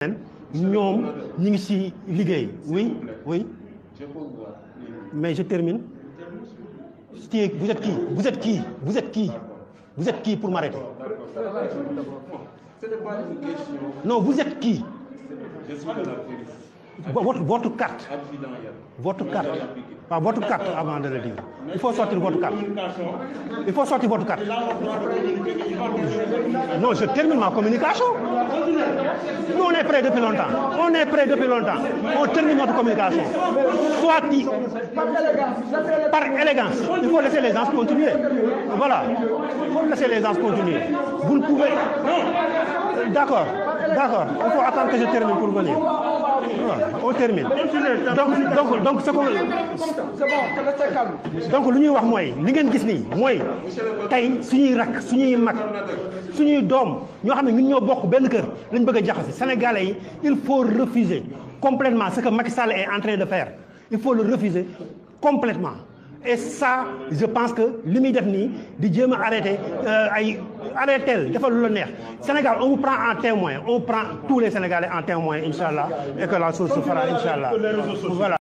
ñoom ñu ngi ci liggéey oui oui mais je termine vous êtes qui vous êtes qui vous êtes qui pour m'arrêter non vous êtes qui votre votre carte votre carte ah, votre carte avant de le dire il faut sortir votre carte il faut sortir votre carte non je termine ma communication prêt depuis longtemps. On est prêt depuis longtemps. On termine notre communication. Soit dit, par élégance, il faut Il faut laisser les gens Vous ne pouvez. D'accord. D'accord. Il faut attendre que je termine pour venir. on termine donc donc ce que donc lu ñuy wax mooy li ngeen gis nii mooy tey suñuy rakk suñuy mag suñuy doom ñoo xam ne ñun ñoo bokk benn kër lañ bëgg a jaxase sénégalais yi il faut refuser complètement ce que Macky Sall est en de faire il faut le refuser complètement et ça je pense que li muy def nii di jéem a arrêté euh, ay arrêtel dafa lu neex Sénégal on vous prend en témoin on prend tous les Sénégalais en témoin incha allah et que la chose se